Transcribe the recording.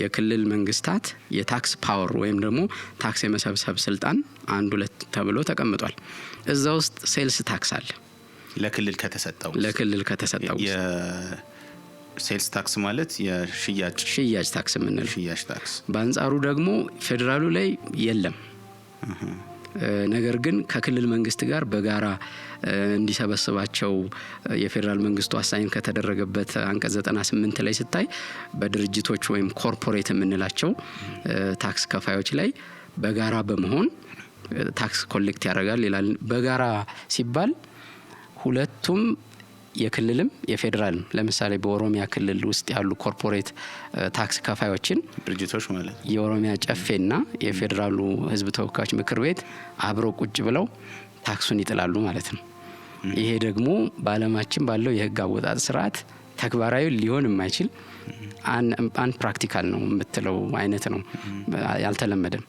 የክልል መንግስታት የታክስ ፓወር ወይም ደግሞ ታክስ የመሰብሰብ ስልጣን አንድ ሁለት ተብሎ ተቀምጧል። እዛ ውስጥ ሴልስ ታክስ አለ። ለክልል ከተሰጠው ለክልል ከተሰጠው ሴልስ ታክስ ማለት የሽያጭ ሽያጭ ታክስ የምንለው ሽያጭ ታክስ። በአንጻሩ ደግሞ ፌዴራሉ ላይ የለም። ነገር ግን ከክልል መንግስት ጋር በጋራ እንዲሰበስባቸው የፌዴራል መንግስቱ አሳይን ከተደረገበት አንቀጽ 98 ላይ ስታይ በድርጅቶች ወይም ኮርፖሬት የምንላቸው ታክስ ከፋዮች ላይ በጋራ በመሆን ታክስ ኮሌክት ያደርጋል ይላል። በጋራ ሲባል ሁለቱም የክልልም የፌዴራልም ለምሳሌ በኦሮሚያ ክልል ውስጥ ያሉ ኮርፖሬት ታክስ ከፋዮችን ድርጅቶች ማለት የኦሮሚያ ጨፌና የፌዴራሉ ህዝብ ተወካዮች ምክር ቤት አብሮ ቁጭ ብለው ታክሱን ይጥላሉ ማለት ነው። ይሄ ደግሞ በዓለማችን ባለው የህግ አወጣጥ ስርዓት ተግባራዊ ሊሆን የማይችል አን ፕራክቲካል ነው የምትለው አይነት ነው። ያልተለመደም